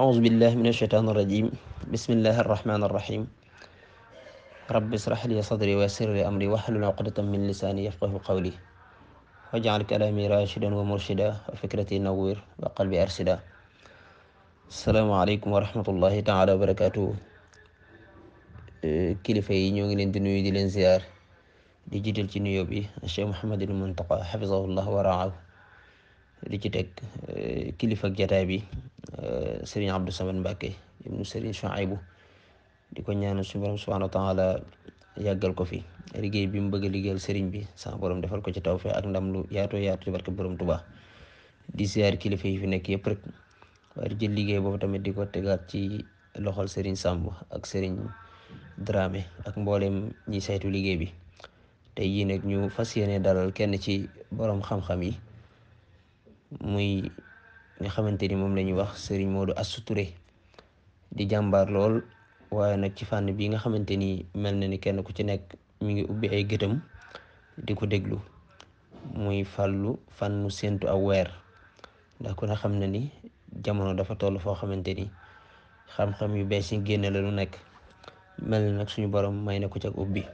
أعوذ بالله من الشيطان الرجيم بسم الله الرحمن الرحيم رب اشرح لي صدري ويسر لي أمري واحلل عقدة من لساني يفقه قولي واجعل كلامي راشدا ومرشدا وفكرتي نوير وقلبي أرشدا السلام عليكم ورحمة الله تعالى وبركاته kilifa yi ñoo ngi leen di nuyu di leen ziyaar di jiital ci nuyoo bi Cheikh Mouhamadul Muntaqa xafisahullah wa raahu di ci teg eh, kilifa jataay bi eh, Serigne Abdou Samad Mbacke ibnu Serigne Chouaïbou di ko ñaanal suñu borom subhanahu wa taala yàggal ko fi liggéey bi mu bëgg a liggéeyal Serigne bi sax borom defal ko ci tawfeex ak ndam lu yaatoo yaatu ci barke borom Tuubaa di siyaar kilifa yi fi nekk yëpp rek waaye di liggéey boobu tamit di ko tegaat ci loxol Serigne Samb ak Serigne Dramé ak mboolem ñi saytu liggéey bi tey yi nekk ñu fas yéene dalal kenn ci boroom xam-xam yi. muy nga xamante ni moom lañuy wax sëriñ Modou Astou Touré di jàmbaar lool waaye nag ci fànn bi nga xamante ni mel na ni kenn ku ci nekk mi ngi ubbi ay gëtëm di ko déglu muy fàllu fànnu séentu aw weer ndax ku ne xam na ni jamono dafa toll foo xamante ni xam-xam yu bees yi génne la lu nekk mel na nag suñu borom may na ko ci ak ubbi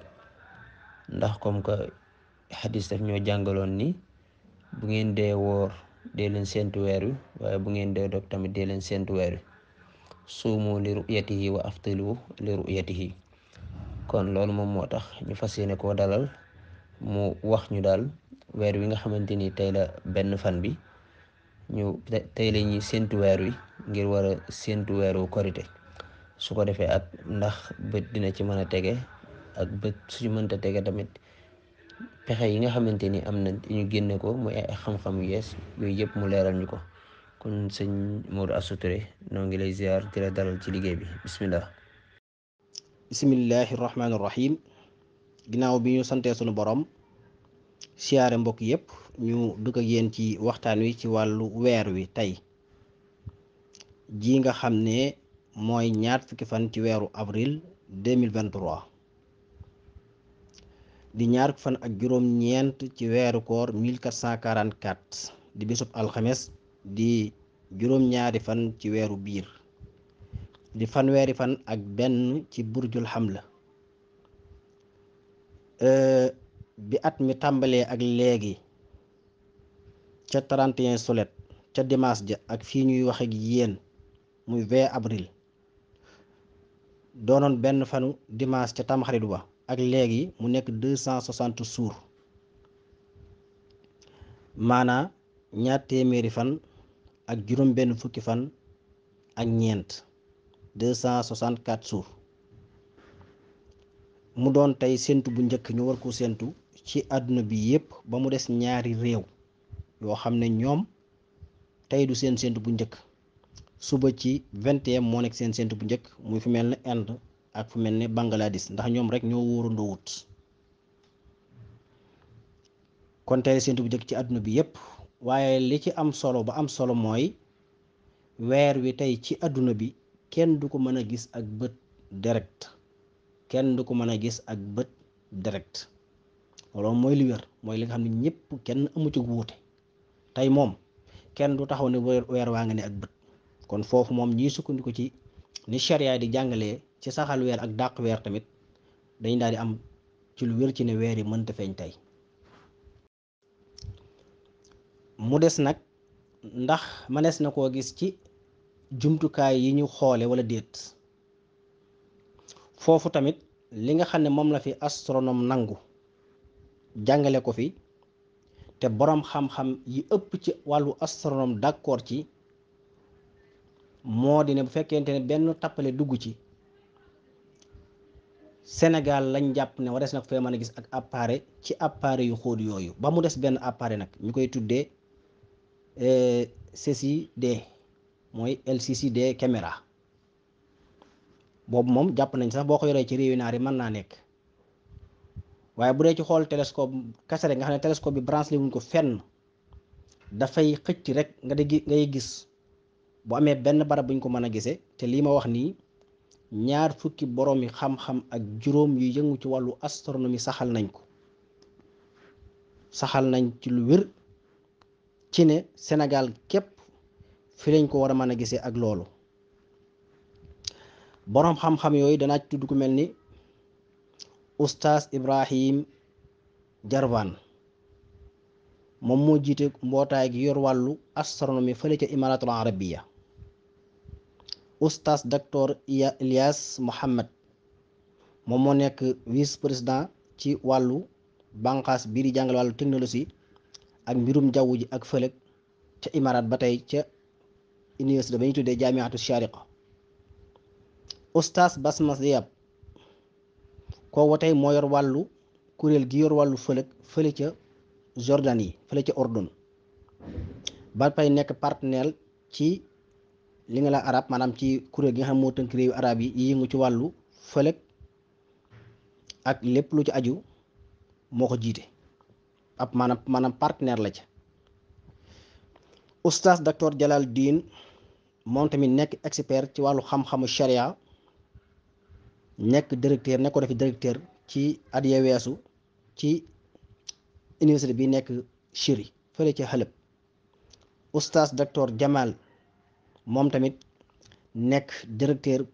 ndax comme que xadis daf ñoo jàngaloon ni bu ngeen dee woor dee leen séntu weer wi waaye bu ngeen dee dog tamit dee leen séntu weer wi suumu li ru'yatihi wa aftilu li ru'yatihi kon loolu moom moo tax ñu fas yéene koo dalal mu wax ñu daal weer wi nga xamante ni tey la benn fan bi ñu tey la ñuy séntu weer wi ngir war a séntu weeru korite su ko defee ak ndax bët dina ci mën a tege ak bët su ci mënta tege tamit pexe yi nga xamante ni am na ñu génne ko muy ay xam-xam yees yooyu yëpp mu leeral ñu ko kon sëñ Mor Asta noo ngi lay ziar di daral ci liggéey bi bismillah bismillahi rahmaani rahim ginnaaw bi ñu santee sunu borom siyaare mbokk yëpp ñu dugg ak yéen ci waxtaan wi ci wàllu weer wi tey ji nga xam ne mooy ñaar fukki fan ci weeru avril 2023 di ñaar fan ak juróom ñeent ci weeru koor 1444 di bisub alxames di juróom ñaari fan ci weeru biir di fanweeri fan ak benn ci burjul la bi at mi tàmbalee ak léegi ca 31 solet ca dimaas ja ak fii ñuy wax yéen muy 20 avril doonoon benn fanu dimaas ca tamxarit ba ak léegi mu nekk deux cent soixante suur maanaa ñaar téeméeri fan ak juróom benn fukki fan ak ñeent deux cent soixante quatre suur mu doon tey séntu bu njëkk ñu war ko séntu ci àdduna bi yépp ba mu des ñaari réew yoo xam ne ñoom tey du seen séntu bu njëkk suba ci 21 moo nekk seen séntu bu njëkk muy fi mel ne Inde ak fu mel ne Bangladesh ndax ñoom rek ñoo wóorandoo wut kon tey séntu bu njëkk ci àdduna bi yépp waaye li ci am solo ba am solo mooy weer wi tey ci àdduna bi kenn du ko mën a gis ak bët direct kenn du ko mën a gis ak bët direct loolu mooy li wér mooy li nga xam ne ñëpp kenn amu ci wuute tey moom kenn du taxaw ne weer waa ngi ne ak bët kon foofu moom ñiy sukkandiku ci ni charia di jàngalee ci saxal weer ak dàq weer tamit dañ daal di am ci lu wér ci ne weer yi mënta feeñ tey mu des nag ndax mënees na koo gis ci jumtukaay yi ñu xoole wala déet foofu tamit li nga xam ne moom la fi astoronom nangu jàngale ko fi te boroom xam-xam yi ëpp ci wàllu astronome d'accord ci moo di ne bu fekkente ne benn tappale dugg ci senegal lañ jàpp ne warees nag fee mën a gis ak appareil ci appareil yu xóot yooyu ba mu des benn appareil nag ñu koy tuddee euh, CCD mooy LCCD caméra boobu moom jàpp nañ sax boo ko yoree ci réewi naar yi mën naa nekk waaye bu dee ci xool télescope kese rek nga xam ne télescope bi branché wuñ ko fenn dafay xëcc rek nga di ngay gis bu amee benn barab buñ ko mën a gisee te lii ma wax nii ñaar fukki boroomi xam-xam ak juróom yu yëngu ci wàllu astronomie saxal nañ ko saxal nañ ci lu wér ci ne senegal képp fi lañ ko war a mën a gisee ak loolu boroom xam-xam yooyu danaa tudd ku mel ni oustaz Ibrahim Jarvan moom moo jiite mbootaay gi yor wàllu astronomie fële ca Imaratul Arabiya oustaz docteur Elyas Mohamed moom moo nekk vice président ci wàllu banqaas bii di jàngal wàllu technologie ak mbirum jaww ji ak fëlëg ca Imarat ba tey ca université ba ñu tuddee jaamiatu shariqa oustaz Basmas Diab kooku ba moo yor wàllu kuréel gi yor wàllu fëlëg fële ca Jordanie fële ca Ordon ba pay nekk partenaire ci. li nga la arab maanaam ci kuréel gi nga xam moo tënk réewu arab yi yi yëngu ci wàllu fëlëg ak lépp lu ci aju moo ko jiite ab maanaam maanaam partenaire la ca oustaz docteur Jalal Diin moom tamit nekk expert ci wàllu xam-xamu sharia nekk directeur nekk ko defi directeur ci at weesu ci université bi nekk Chiri fële ca Halab oustaz docteur Jamal moom tamit nekk directeur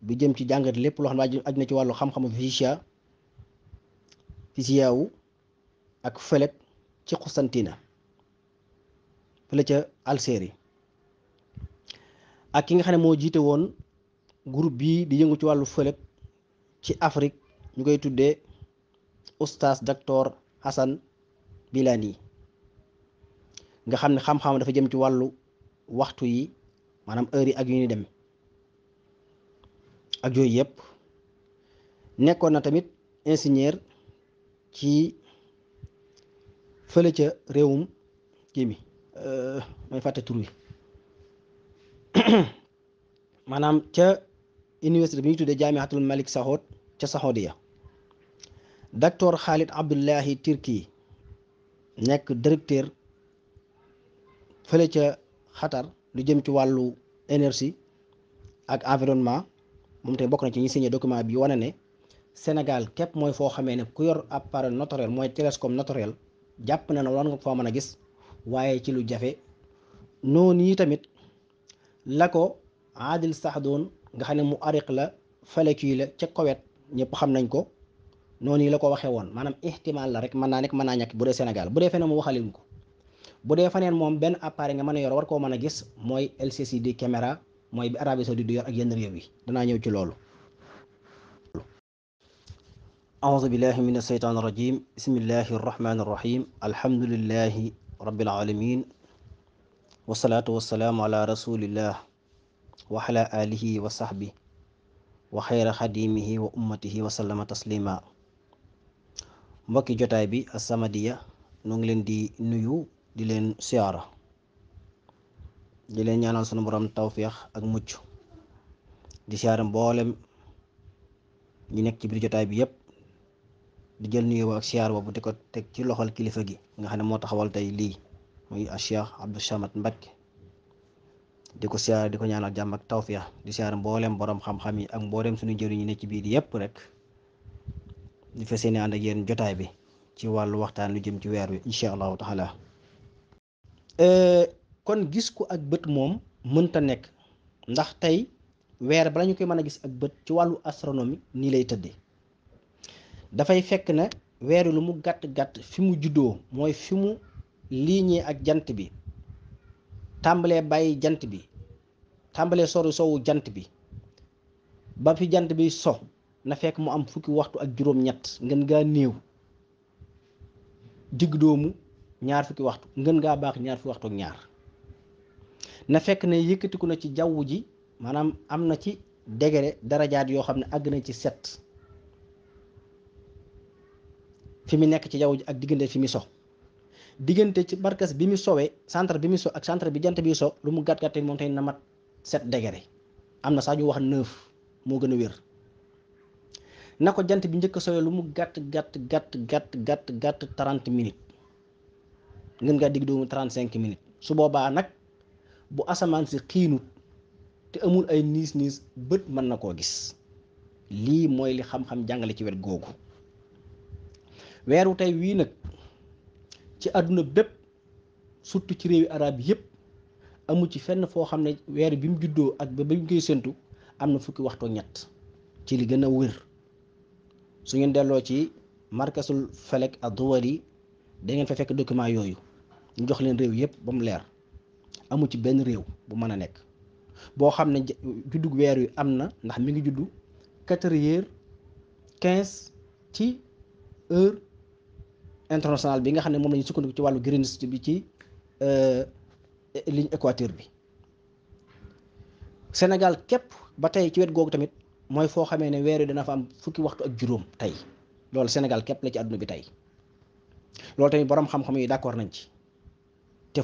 bi jëm ci jàngat lépp loo xam ne aju na ci wàllu xam-xamu ficia fisia ak fëlek ci Constantine fële ca Algérie ak ki nga xam ne moo jiite woon groupe bii di yëngu ci wàllu fëlek ci Afrique ñu koy tuddee oustaz docteur Hassan Bilani nga xam ne xam-xam dafa jëm ci wàllu waxtu yi maanaam heure yi ak yu ñu dem ak yooyu yëpp nekkoon na tamit ingénieur ci fële ca réewum kii mi euh, may fàtte tur maanaam ca université bi ñu tuddee jaamiatul malik saxoot ca ya docteur Khalid Abdullahi Turki nekk directeur fële ca Qatar lu jëm ci wàllu énergie ak environnement moom tamit bokk na ci ñi signé document bi wane ne Sénégal képp mooy foo xamee ne ku yor appareil notoriel mooy télescope notoriel jàpp na ne war nga foo mën a gis waaye ci lu jafe noonu yi tamit la ko Adil Saxdoon nga xam ne mu ariq la falaki la ca Kowet ñëpp xam nañ ko noonu yi la ko waxee woon maanaam ihtimaal la rek mën naa nekk mën naa ñàkk bu dee Sénégal bu dee feneen mu waxalin ko bu dee faneen moom benn appareil nga mën a yor war koo mën a gis mooy LCD caméra mooy bi Arabie Saoudite di yor ak yenn réew yi danaa ñëw ci loolu أعوذ بالله من الشيطان الرجيم بسم الله الرحمن الرحيم الحمد لله رب العالمين والصلاة والسلام على رسول الله وعلى آله وصحبه وخير خديمه وأمته وسلم تسليما mbokki jotaay bi As-Samadiyya nu ngi leen di nuyu di leen siyaara di leen ñaanal sunu borom tawféex ak mucc di siyaara mboolem ñu nekk ci biir jotaay bi yépp di jël nuyoo ak siyaar boobu di ko teg ci loxol kilifa gi nga xam ne moo taxawal tey lii muy Cheikh Abdou Samad Mbacké di ko siyaar di ko ñaanal jàmm ak tawféex di siyaara mboolem borom xam-xam yi ak mboolem suñu jëriñ ñi nekk ci biir yépp rek di fas yéene ànd ak yéen jotaay bi ci wàllu waxtaan lu jëm ci weer wi incha allahu taala Euh, kon gis ko ak bët moom mënta nekk ndax tey weer bala lañu koy mën a gis ak bët ci wàllu astronomie nii lay tëdde dafay fekk ne weer lu mu gàtt gàtt fi mu juddoo mooy fi mu liiñee ak jant bi tàmbalee bàyyi jant bi tàmbalee sori sowu jant bi ba fi jant bi so na fekk mu am fukki waxtu ak juróom-ñett ngeen gaa néew digg doomu ñaar fukki waxtu ngën ngaa baax ñaar fukki waxtu ñaar na fekk ne yëkkatiku na ci jawwu ji maanaam am na ci degré darajaat yoo xam ne àgg nañ ci set fi mu nekk ci jaww ji ak diggante fi mu so diggante ci barkas bi mu sowee centre bi mu so ak centre bi jant bi so lu mu gàtt moom tey na mat degré am na saa ñu wax neuf moo gën a wér na ko jant bi njëkk a lu mu gàtt gàtt gàtt gàtt gàtt gàtt trente minutes ngeen ngaa digg doomu cinq minutes su boobaa nag bu asamaan si xiinut te amul ay niis niis bët mën na koo gis lii mooy li xam-xam jàngale ci wet googu weeru tey wii nag ci àdduna bépp surtout ci réewi arab yëpp amul ci fenn foo xam ne weer bi mu juddoo ak ba bañ koy séntu am na fukki waxtu ñett ci li gën a wér su ngeen delloo ci markasul felek ad-duwali da ngeen fa fekk document yooyu ñu jox leen réew yëpp ba mu leer amu ci benn réew bu mën a nekk boo xam ne juddug weer wi am na ndax mi ngi juddu quatre heures quinze ci heure internationale bi nga xam ne moom la ñu sukkandiku ci wàllu Greenwich bi ci euh, ligne équateur bi Sénégal képp ba tey ci wet googu tamit mooy foo xamee ne weer wi dana fa am fukki waxtu ak juróom tey loolu Sénégal képp la ci àdduna bi tey loolu tamit borom xam-xam yi d'accord nañ ci. te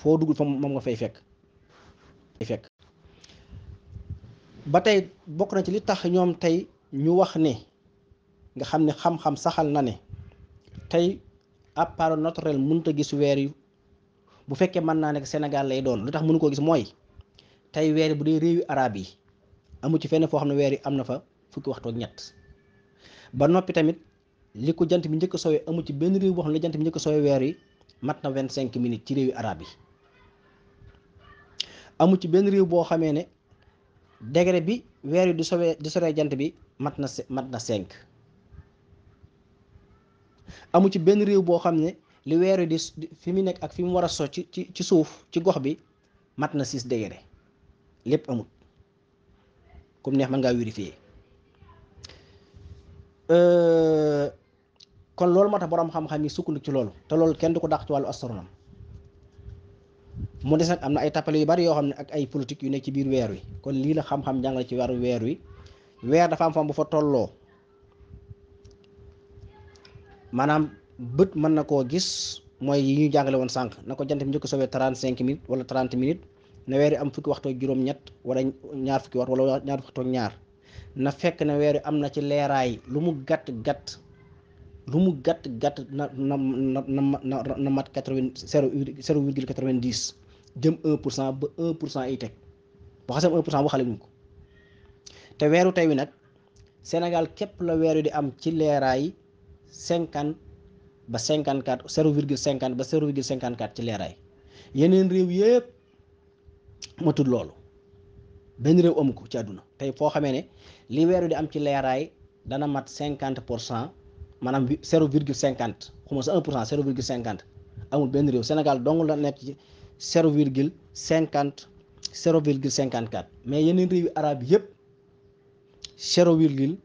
foo dugg fa moom nga fay fekk fekk ba tey bokk na ci li tax ñoom tey ñu wax ne nga xam ne xam-xam saxal na ne tey appareil naturel mënut gis weer yu bu fekkee mën naa nekk senegal lay doon lu tax mënu koo gis mooy tey weer bu dee réewi araab yi amu ci fenn foo xam ne weer yi am na fa fukki waxtu ñett ba noppi tamit li ko jant bi njëkk a sowee amu ci benn réew boo xam ne jant bi njëkk a weer yi mat na vingt cinq minutes ci réewi arab yi amu ci benn réew boo xamee ne degré bi weer jant bi mat na mat na cinq amu ci benn réew boo xam ne li weer wi di fi mu nekk ak fi mu war a so ci ci suuf ci gox bi mat na six degré lépp amut comme neex man ngaa vérifier euh, kon loolu moo tax borom xam-xam yi sukkandiku ci loolu te loolu kenn du ko dàq ci wàllu astronome mu des nag am na ay tappale yu bari yoo xam ne ak ay politique yu nekk ci biir weer wi kon lii la xam-xam jàngale ci wàllu weer wi weer dafa am fam bu fa tolloo maanaam bët mën na koo gis mooy yi ñu jàngale woon sànq na ko jant bi njëkk sowee trente cinq minutes wala trente minutes na weer yi am fukki waxtu juróom-ñett wala ñaar fukki waxtu wala ñaar ñaar na fekk ne weer yi am na ci leeraay lu mu gàtt gàtt. lu mu gàtt gàtt na na na mat quatre vingt zéro zéro quatre vingt dix jëm un pour cent ba un pour cent ay teg boo xasee un pour cent waxale ñu ko te weeru tey wi nag Sénégal képp la weer di am ci leeraay cinquante ba cinquante quatre zéro virgule cinquante ba zéro virgule cinquante quatre ci leeraay yeneen réew yëpp matul loolu benn réew amu ko ci àdduna tey foo xamee ne li weer di am ci leeraay dana mat cinquante pour cent. maanaam zéro virgule cinquante xuma sa un pour cent zéro virgule cinquante amul benn réew Sénégal dong la nekk ci zéro virgule cinquante zéro cinquante quatre mais yeneen réew yi arab yëpp zéro virgule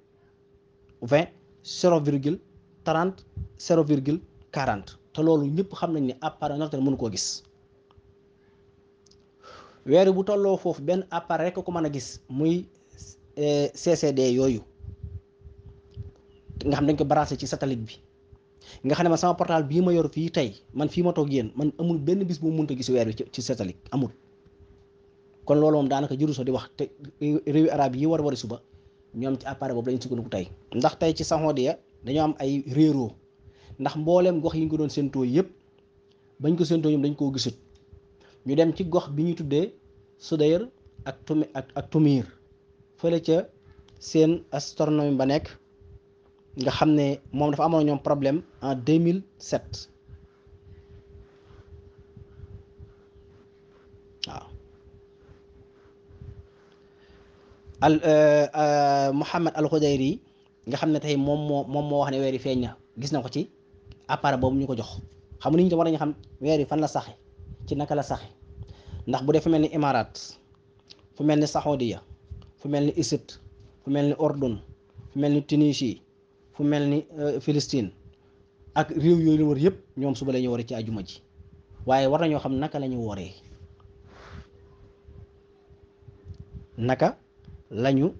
vingt trente zéro virgule quarante te loolu ñëpp xam nañ ne appareil ordinateur mënu koo gis weer bu tolloo foofu benn appareil rek ko mën a gis muy eh, CCD yooyu nga xam dañ ko branché ci satellite bi nga xam ne ma sama portable bii ma yor fii tey man fii ma toog yéen man amul benn bis bu mu mënta gis weer bi ci satellite amul kon loolu moom daanaka jëru so di wax te réewi arab yi war wari suba ñoom ci appareil boobu lañu sukkandiku tey ndax tey ci Saoudia dañoo am ay réeroo ndax mbooleem gox yi ñu ko doon séentoo yëpp bañ ko séentoo ñoom dañ koo gisut ñu dem ci gox bi ñuy tuddee Soudayr ak Tumir ak Tumir fële ca seen astronomie ba nekk nga xam ne moom dafa amoon ñoom problème en 2007 waaw al euh, euh, Mouhamed Al Khudayri nga xam ne tey moom moo moom moo wax ne weer yi feeñ na gis na ko ci appareil boobu ñu ko jox xam ni ñu war nañu xam weer yi fan la saxe ci naka la saxe ndax bu dee fu mel ni Imarat fu mel ni Saxoodiya fu mel ni Égypte fu mel ni Ordun fu mel ni Tunisie fu mel ni euh, Palestine ak réew yooyu la wër yëpp ñoom suba la ñu woore ci ajuma ji waaye war na ñoo xam naka lañuy ñu naka la ñu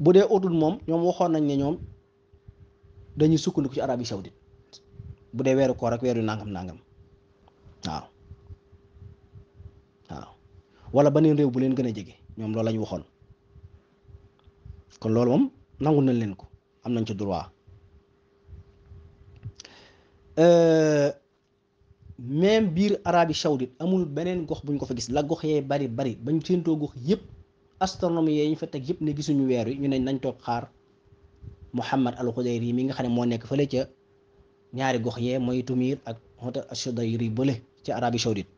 bu dee otul moom ñoom waxoon nañ ne ñoom dañuy sukkandiku ci Arabie Saoudite bu dee weeru koor ak weeru nangam nangam waaw waaw wala neen réew bu leen gën a jege ñoom loolu lañ waxoon kon loolu moom nangu nañ leen ko am nañ ci droit euh, même biir Arabie Saoudite amul beneen gox buñ ko fa gis la gox yee bari bari bañ séentoo gox yëpp astronome yee ñu fa teg yëpp ne gisuñu weer wi ñu ne nañ toog xaar Muhammad al Xudayri yi mi nga xam ne moo nekk fële ca ñaari gox yee mooy Tumir ak Hotel Ashudayri bële ci Arabie Saoudite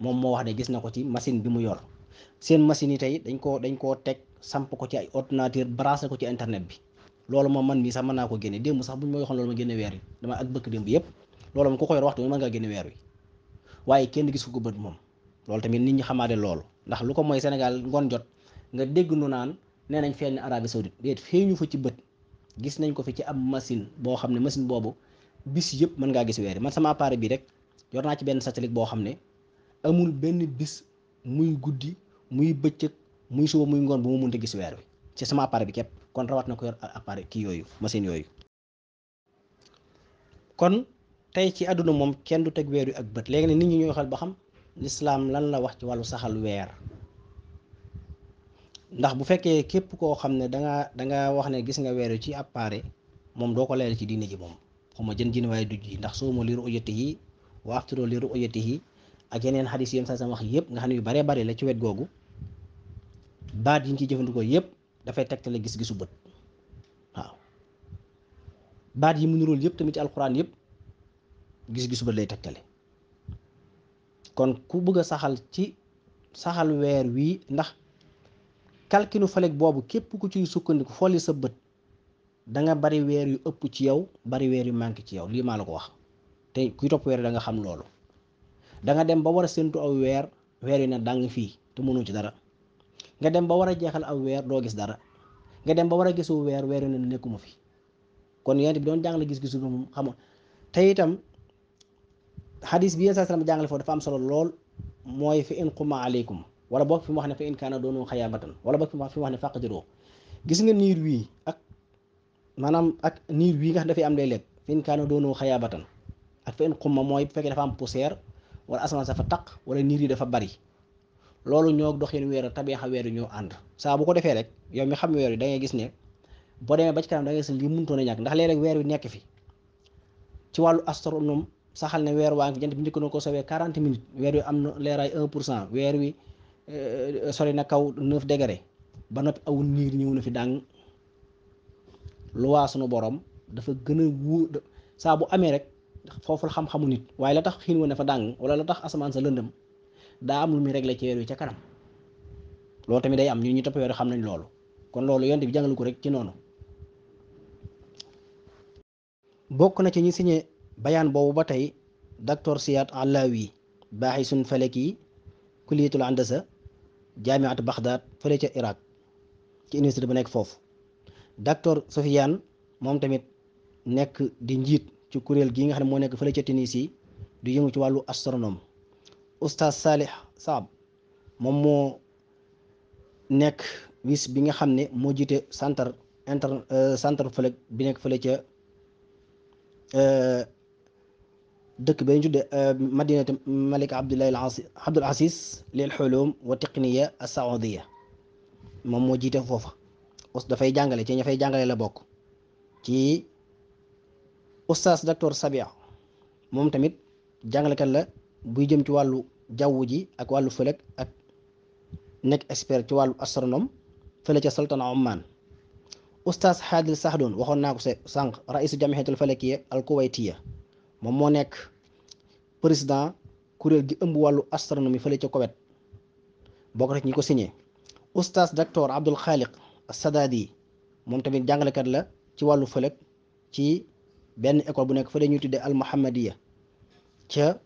moom moo wax ne gis na ko ci machine bi mu yor seen machine yi tey dañ koo dañ koo teg samp ko ci ordinateur brasé ko ci internet bi loolu moom man mii sax mën naa ko génne démb sax bu ñu ma waxoon loolu ma génne weer wi dama ak bëkk démb yëpp loolu ko yor waxtu mën ngaa génne weer waaye kenn gis ko bët moom loolu tamit nit ñi xamaade loolu ndax lu ko mooy Sénégal ngoon jot nga dégg nu naan nee nañ feeñ ne Arabie Saoudite déet feeñu fa ci bët gis nañ ko fi ci am machine boo xam ne machine boobu bis yëpp mën ngaa gis weer man sama appareil bi rek yor naa ci benn satellite boo xam ne muy guddi muy bëccëg muy suba muy ngoon bu ma mënta gis weer bi ci sama appareil bi képp kon rawat na ko yor ki yooyu machine yooyu kon tey ci àdduna moom kenn du teg weer yu ak bët léegi ne nit ñi ñooy xel ba xam lislaam lan la wax ci wàllu saxal weer ndax bu fekkee képp koo xam ne danga danga wax ne gis nga weer yu ci appareil moom doo ko leeral ci diine ji moom xuma jën jin waaye du yi ndax soo ma liru ojati yi wa aftiroo liru ojati yi ak yeneen xadis yi saa wax yëpp nga xam ne yu bare bari la ci wet googu baat yi ñu ci jëfandikoo yëpp dafay tegtale gis-gisu bët yi mu nirool yëpp tamit ci alxuraan yëpp gis-gisu bët lay tegtale kon ku bëgg a saxal ci saxal weer wii ndax kalkinu falek boobu képp ku ci sukkandiku folli sa bët danga bari weer yu ëpp ci yow bari weer yu manqué ci yow lii maa la ko wax te kuy topp weer da nga xam loolu danga dem ba war a séntu aw weer weer yi ne dàng fii te mënu ci dara nga dem ba war a jeexal aw weer doo gis dara nga dem ba war a gisu weer weer yi ne nekkuma fi kon yonent bi doon jàngale gis-gisu moom xam nga te itam xadis bi yenn sallam jàngale foofu dafa am solo lool mooy fi in quma aleykum wala boog fi mu wax ne fa in kaana doonu wala boog fi mu wax ne faqdiroo gis nga niir wii ak maanaam ak niir wii nga xam dafay am day lekk fi in kaana doonu xayaabatan ak fa in quma mooy bu fekkee dafa am poussière wala asamaan dafa taq wala niir yi dafa bari loolu ñoo doxin weer tabeexa weer ñoo ànd saa bu ko defee rek yow mi xam weer wi da ngay gis ne boo demee ba ci kanam da ndax léeg weer wi nekk fi ci wàllu astronome saxal ne weer waa ngi fi jant ko sowee 40 minutes weer wi am na leeraay pour cent weer wi euh, sori na kaw 9 degré ba noppi awul niir ñëw na fi dàng lu waa sunu borom dafa gën a wóor saa bu amee rek. foofu la xam-xamu nit waaye la tax xiin wa ne fa dàng wala la tax asamaan sa lëndëm daa am lu muy réglé ci weer wi ca kanam loo tamit day am ñu ñu topp weer xam nañ loolu kon loolu yonte bi jàngalu ko rek ci noonu bokk na ci ñu signé bayaan boobu ba tey docteur Siyaad Allawi baaxisun falaki kuliyatul andasa jaamiat Baxdaad fële ca Irak ci université ba nekk foofu docteur Sofiane moom tamit nekk di njiit ci kuréel gii nga xam ne moo nekk fële ca Tunisie du yëngu ci wàllu astronome oustaz Salih Saab moom moo nekk wis bi nga xam ne moo jiite centre inter euh, centre fële bi nekk fële ca euh, dëkk bi ñu tudde euh, madinat malik abdullahi al asi abdul asis lil xulum wa tiqniya al saoudiya moom moo jiite foofa us dafay jàngale ci ña fay jàngale la bokk oustaz docteur Sabia moom tamit jàngalekat la buy jëm ci wàllu jaww ji ak wàllu fëlëg ak nekk expert ci wàllu astronome fële ca sultana Oman oustaz Hadil Sahdoun waxoon naa ko se sànq raisu jamihatul falakiya al kuwaitiya moom moo nekk président kuréel gi ëmb wàllu astronomie fële ca Koweït bokk rek ñi ko signé oustaz docteur Abdul Khaliq Sadadi moom tamit jàngalekat la ci wàllu fëlëg ci benn école bu nekk fa dañuy tuddee al muhammadiya ca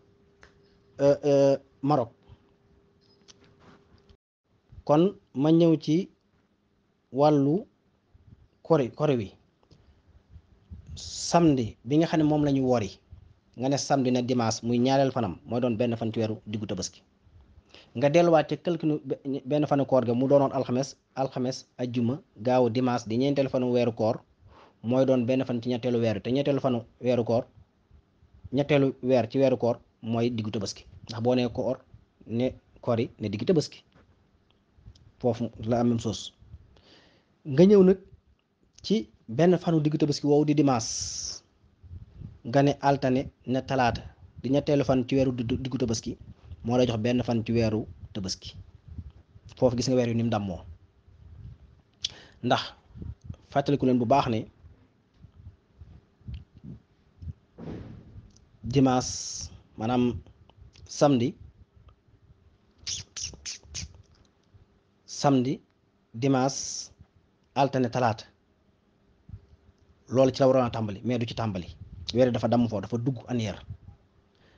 euh, euh, Maroc kon ma ñëw ci wàllu kori kori wi samedi bi nga xam ne moom la ñu wori nga ne samedi na dimanche muy ñaareel fanam mooy doon benn fan ci weeru diggu tabaski nga delluwaat ca calcul benn fanu koor ga mu doonoon alxames alxames juma gaaw dimanche di ñeenteelu fanu weeru koor mooy doon benn fan ci ñetteelu weer te ñetteelu fanu weeru koor ñetteelu weer ci weeru koor mooy diggu tabaski ndax boo nee koor ne koor yi ne diggu foofu la nga ñëw nag ci benn fanu diggu tabaski woowu di dimaas nga ne altane ne talaata di ñetteelu ci weeru diggu tabaski moo lay jox benn fan ci weeru tabaski foofu gis nga weer yu ni mu dàmmoo ndax fàttaliku leen bu baax ne dimanche maanaam samedi samedi dimanche altine talaata loolu ci la waroon a tàmbali mais du ci tàmbali weer dafa damm foofu dafa dugg annière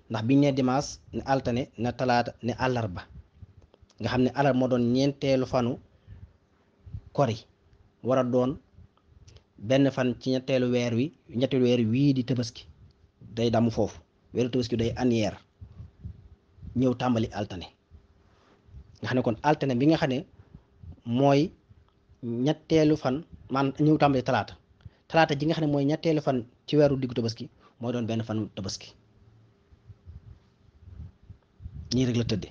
ndax bi ne dimanche ne altine ne talaata ne àllarba nga xam ne àllarba moo doon ñeenteelu fanu kori war doon benn fan ci ñetteelu weer wi ñetteelu weer wii di tabaski day damm foofu weeru tabaski day annière ñëw tàmbali altane nga xam ne kon altane bi nga xam ne mooy ñetteelu fan man ñëw tàmbali talaata talaata ji nga xam ne mooy ñetteelu fan ci weeru diggu tabaski mooy doon benn fanu tabaski ñii rek la tëdde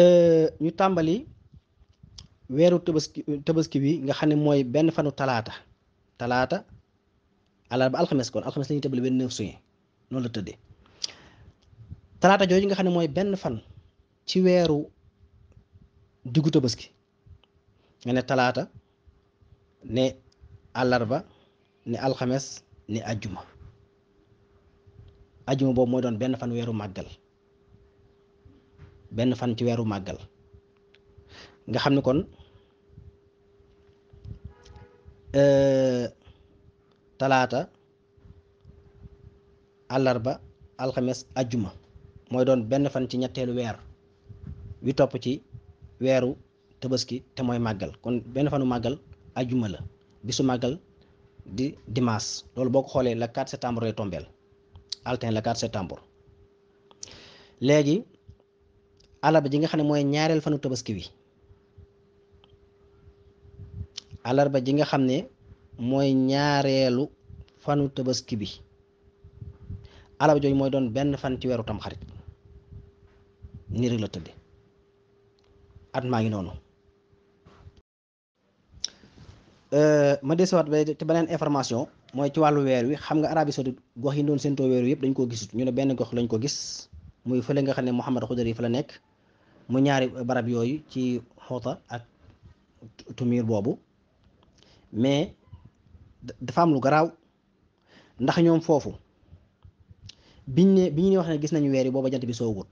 euh, ñu tàmbali weeru tabaski tabaski bi nga xam ne mooy benn fanu talaata talaata àllarba alxames kon alxames la ñuy tëbale benn noonu la tëddee talaata jooju nga xam ne mooy benn fan ci weeru diggu tabaski nga ne talaata ne àllarba ne alxames ne ajjuma ajjuma boobu mooy doon benn fan weeru màggal benn fan ci weeru màggal nga xam ne kon. Euh, talaata àllarba alxames ajjuma mooy doon benn fan ci ñetteelu weer wi topp ci weeru tabaski te mooy màggal kon benn fanu màggal ajjuma la bisu màggal di dimaas loolu boo ko xoolee la 4 septembre lay tombeel altin le 4 septembre léegi àllarba ji nga xam ne mooy ñaareel fanu tabaski wi àllarba ji nga xam ne mooy ñaareelu fanu tabaski bi alal jooju mooy doon benn fan ci weeru tamxarit nii rek la tëdde at maa ngi noonu euh, ma desewaat ba ci beneen information mooy ci wàllu weer wi xam nga Arabie Saoudite gox yi doon séentoo weer wi yëpp dañ koo gisut ñu ne benn gox lañ ko gis muy fële nga xam ne Mouhamad Khoudari yi fa la nekk mu ñaari barab yooyu ci xoota ak tumiir boobu mais dafa am lu garaaw ndax ñoom foofu biñ ne bi ñu wax ne gis nañu weer yi booba jant bi soo soogut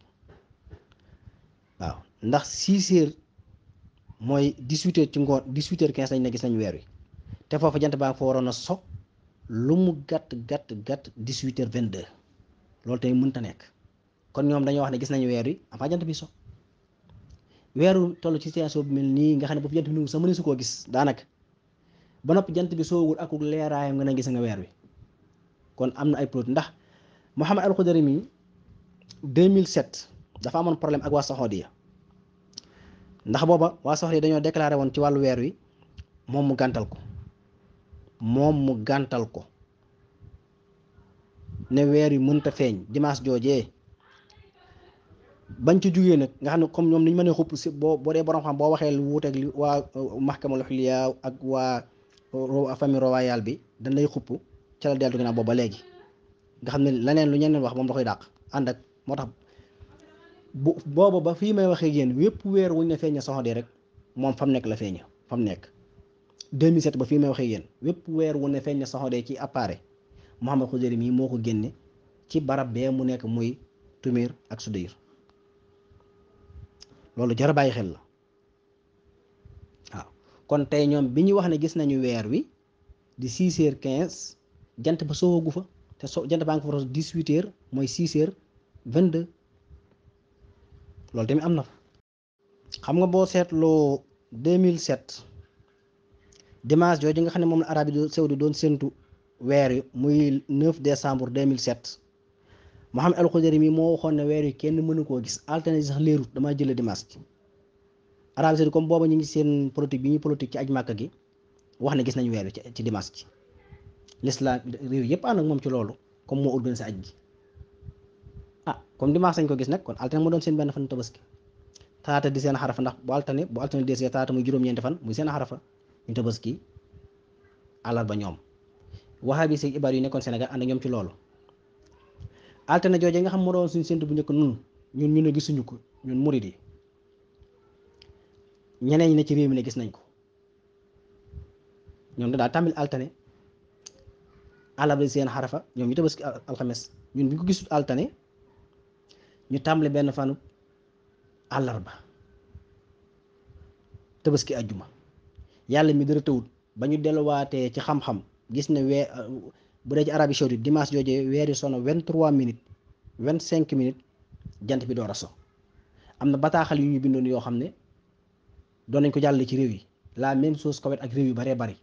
waaw ndax six mooy dix ci ngoon dix-huit heures quinze ne gis nañu weer wi te foofu jant baa fa waroon a so lu mu gàtt gàtt gàtt dix-huit heures vingt loolu tey mënta nekk kon ñoom dañoo wax ne gis nañu weer wi avant jant bi so weeru toll ci situation bi mel nii nga xam ne boobu jant bi nu sa mëne su koo gis daanaka ba noppi jant bi soowul ak leeraayam nga ne gis nga weer wi kon am na ay preuve ndax Mouhamad Al Khoudary mi 2007 dafa amoon problème ak waa Saxoodiya ndax booba waa Saxoodiya dañoo déclaré woon ci wàllu weer wi moom mu gàntal ko moom mu gàntal ko ne weer wi mënta feeñ dimanche joojee bañ ci jugee nag nga xam ne comme ñoom niñ mënee xupp si boo boo dee borom xam boo waxee lu wuuteeg li waa uh, maxkamal xiliya ak waa famille royale bi dañ lay xupp ca la dellu ginnaaw boobu ba léegi nga xam ne leneen lu ñeneen wax moom da koy dàq ànd ak moo tax bu booba ba fii may waxee yéen wépp weer wuñ ne feeñ soxna rek moom fam nekk la feeña fam nekk 2007 ba fii may waxee yéen wépp weer wu ne feeña soxna de ci appareil Mouhamed Khoudiri mii moo ko génne ci barab bee mu nekk muy Tumir ak Sudayr loolu jar bàyyi xel la kon tey ñoom bi ñu wax ne gis nañu weer wi di 6 heures 15 jant ba soogu fa te soo jant baa ngi fa mooy 6 heures 22 loolu tamit am na fa. xam nga boo seetloo 2007 dimanche jooju nga xam ne moom la Arabie Saoudite doon séntu weer wi muy 9 décembre 2007 Mohamed Al Khoudary mi moo waxoon ne weer wi kenn mënu koo gis alterné sax léerut damaa jëlee dimanche. Arabie Saoudite comme booba ñu ngi seen politique bi ñu politique ci aj màkk gi wax ne gis nañu weer wi ci dimanche ci laa réew yëpp ànd ak moom ci loolu comme moo organisé aj gi ah comme dimanche sañ ko gis nag kon altine moo doon seen benn fan tabaski talaata di seen xarafa ndax bu altine bu altine desee talaata muy juróom-ñeenti fan seen xarafa ñu tabaski àllarba ñoom waxaa bi si ibaar yu nekkoon Sénégal ànd ak ci loolu altine jooje nga xam moo doon suñu séntu bu njëkk nun ñun ñu ne gisuñu ko ñun murid yi ñeneen ñi ne ci réew mi ne gis nañ ko ñoom da daa tàmbali altane àllarba seen xarafa ñoom ñu tabaski alxames ñun bu ñu ko gisul altane ñu tàmbali benn fanu àllarba tabaski ajjuma yàlla mi dara tawut ba ñu delluwaatee ci xam-xam gis ne wee uh, bu dee ci Arabie Saoudite dimanche joojee weeri sono vingt trois minutes vingt cinq minutes jant bi door a so am na bataaxal yu ñu bindoon yoo xam ne doon nañ ko jàllale ci réew yi la même chose Koweït ak réew yu baree bari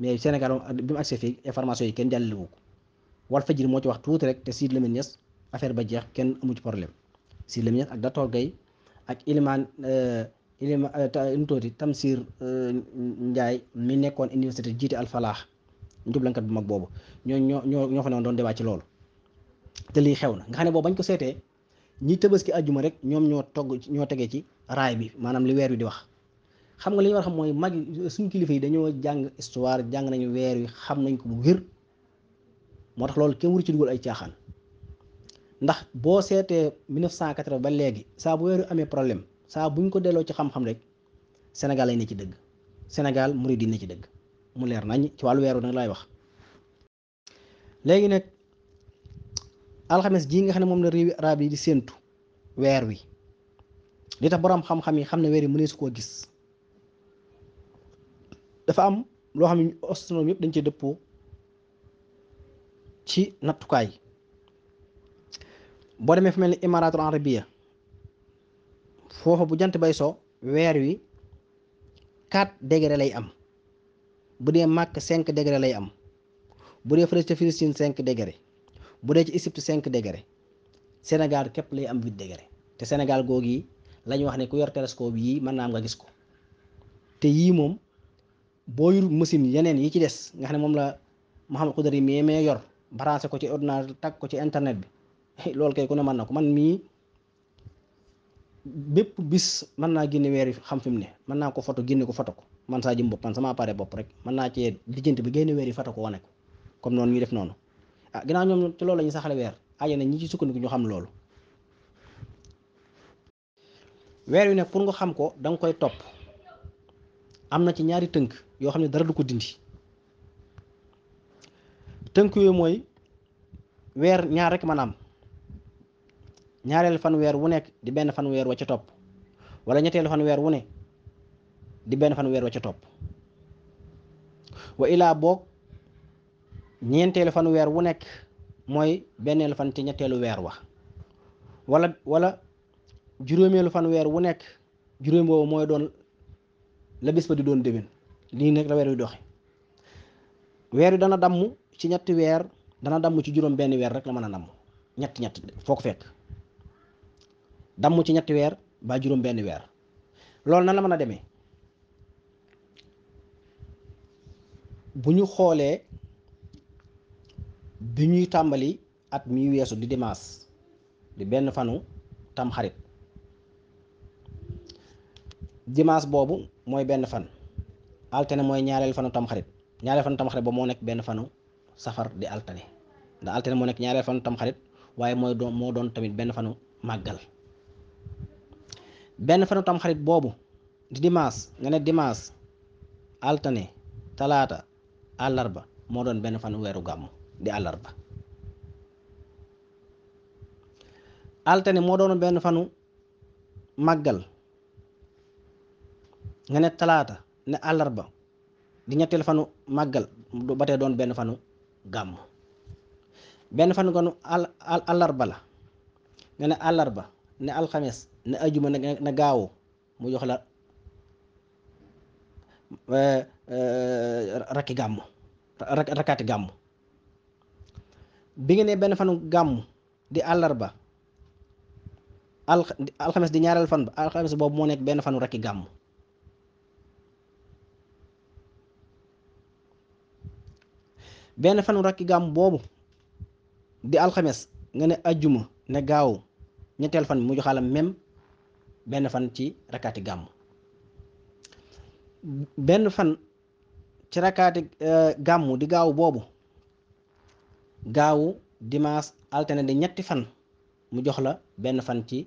mais Sénégal bi mu accès fii information yi kenn jàllale wu ko Walfadjri moo ci wax tuuti rek te Sidy Lamine Niass affaire ba jeex kenn amu ci problème Sidy Lamine Niass ak Dator Gueye ak Iliman euh, Iliman euh, nu tuuti Tamsir euh, Ndiaye mi nekkoon université jiite Alfalaax njublankat bu mag boobu ñoo ñoo ñoo ñoo fa newoon doon débat ci loolu te lii xew na nga xam ne boobu bañ ko seetee ñi tabaski àjjuma rek ñoom ñoo togg ñoo tegee ci raay bi maanaam li weer wi di wax xam nga li war a xam mooy mag suñ kilifa yi dañoo jàng histoire jàng nañu weer wi xam nañ ko bu wér moo tax loolu kenn wuru ci dugal ay caaxaan ndax boo seetee 1980 ba léegi saa bu weer wi amee problème saa buñ ko delloo ci xam-xam rek Sénégal lay ne ci dëgg Sénégal murid yi ne ci dëgg mu leer nañ ci wàllu weer wi nag laay wax léegi nag alxames jii nga xam ne moom la réewi arab yi di séentu weer wi li tax boroom xam-xam yi xam ne weer yi mënee su koo gis dafa am loo xam ne astronome yëpp dañ ci dëppoo ci nattukaay boo demee fu mel ni Imaratul Arabiya foofa bu jant bay so weer wi quatre degré lay am bu dee màkk cinq degré lay am bu dee fële ca Filistin cinq degré bu dee ci Égypte cinq degré senegal képp lay am huit degré te senegal googu yi la wax ne ku yor télescope yii mën naa am nga gis ko te yii moom. boo yor machine yeneen yi ci des nga xam ne moom la Mouhamed Khoudary mii mee yor branché ko ci ordinateur tag ko ci internet bi lool kay ku ne man na ko man mii bépp bis mën naa génne weer xam fi ne mën naa ko foto génne ko foto ko man saa jëm bopp man sama appareil bopp rek mën naa cee lijjanti bi génne weer yi foto ko wane ko comme noonu ñuy def noonu ah ginnaaw ñoom ci loolu la ñuy saxale weer aaje na ñi ci sukkandiku ñu xam loolu weer yu nag pour nga xam ko da nga koy topp am na ci ñaari tënk yoo xam ne dara du ko dindi tënk yooyu mooy weer ñaar rek maanaam ñaareelu fan weer wu nekk di benn fan weer wa ca topp wala ñetteelu fan weer wu ne di benn fan wa ca topp wa ilaa boog ñeenteelu fan weer wu nekk mooy benneelu fan ci ñetteelu weer wa wala wala juróomeelu fan weer wu nekk juróom boobu mooy doon la bis ba di doon déwén lii nag la weer wi doxe weer wi dana damm ci ñetti weer dana damm ci juróom benn weer rek la mën a damm ñett ñett foo ko fekk damm ci ñetti weer ba juróom benn weer loolu na la mën a deme bu ñu xoolee bi ñuy tàmbali ak mi weesu di dimaas di benn fanu tam xarit dimaas boobu mooy benn fan altine mooy ñaareel fanu tamxarit ñaareel fanu tamxarit ba moo nekk benn fanu safar di altine ndax altine moo nekk ñaareel fanu tamxarit waaye mooy doon moo doon tamit benn fanu màggal benn fanu boobu di dimanche nga altine talaata àllarba moo doon benn fanu weeru gàmmu di àllarba altine moo doon benn fanu màggal nga ne talaata ne àllarba di ñetteel fanu màggal du ba tey doon benn fanu gàmmu benn fanu gonu àllarba la ne àllarba ne alxames ne ajuma na gaawu mu jox la eh, eh, rakki gàmmu rakkaati gàmmu bi benn fanu gàmmu di àllarba alxames di ñaareel fan ba alxames boobu moo nekk benn fanu rakki gàmmu benn fanu rakki gàmm boobu di alxames nga ne ajjuma ne gaaw ñetteel fan mu joxaala même benn fan ci rakkaati gàmm benn fan ci rakkaati euh, gàmm di gaaw boobu gaawu dimaas alterné di ñetti fan mu jox la benn fan ci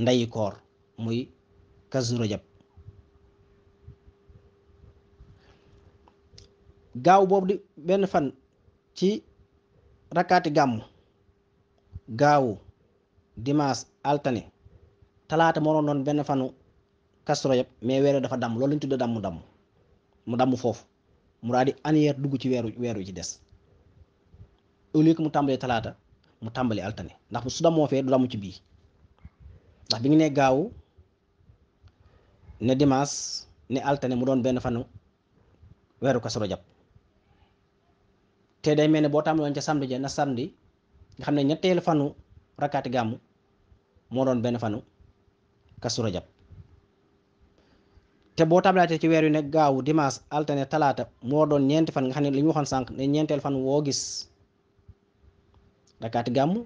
ndayi muy kazu rajab gaaw boobu di benn fan ci rakkaati gàmmu gaawu dimaas altane talaata moo doon benn fanu kastro yëpp mais weer dafa damm loolu lañ tuddee damm damm mu damm foofu mu daal di dugg ci weeru weeru ci des au mu tàmbalee talaata mu tàmbali altane ndax su dammoo fee du damm ci bii ndax bi ngi ne gaawu ne dimanche ne altane mu doon benn fanu weeru kastro jàpp te day mel ne boo tàmbaloon ca samedi ja na samedi nga xam ne ñetteelu fanu rakkaati gàmmu moo doon benn fanu kasu rajab te boo tablaatee ci weer wi nekk gaawu dimanche altine talaata moo doon ñeenti fan nga xam ne li waxoon sànq ne ñeenteel fan woo gis rakkaati gàmmu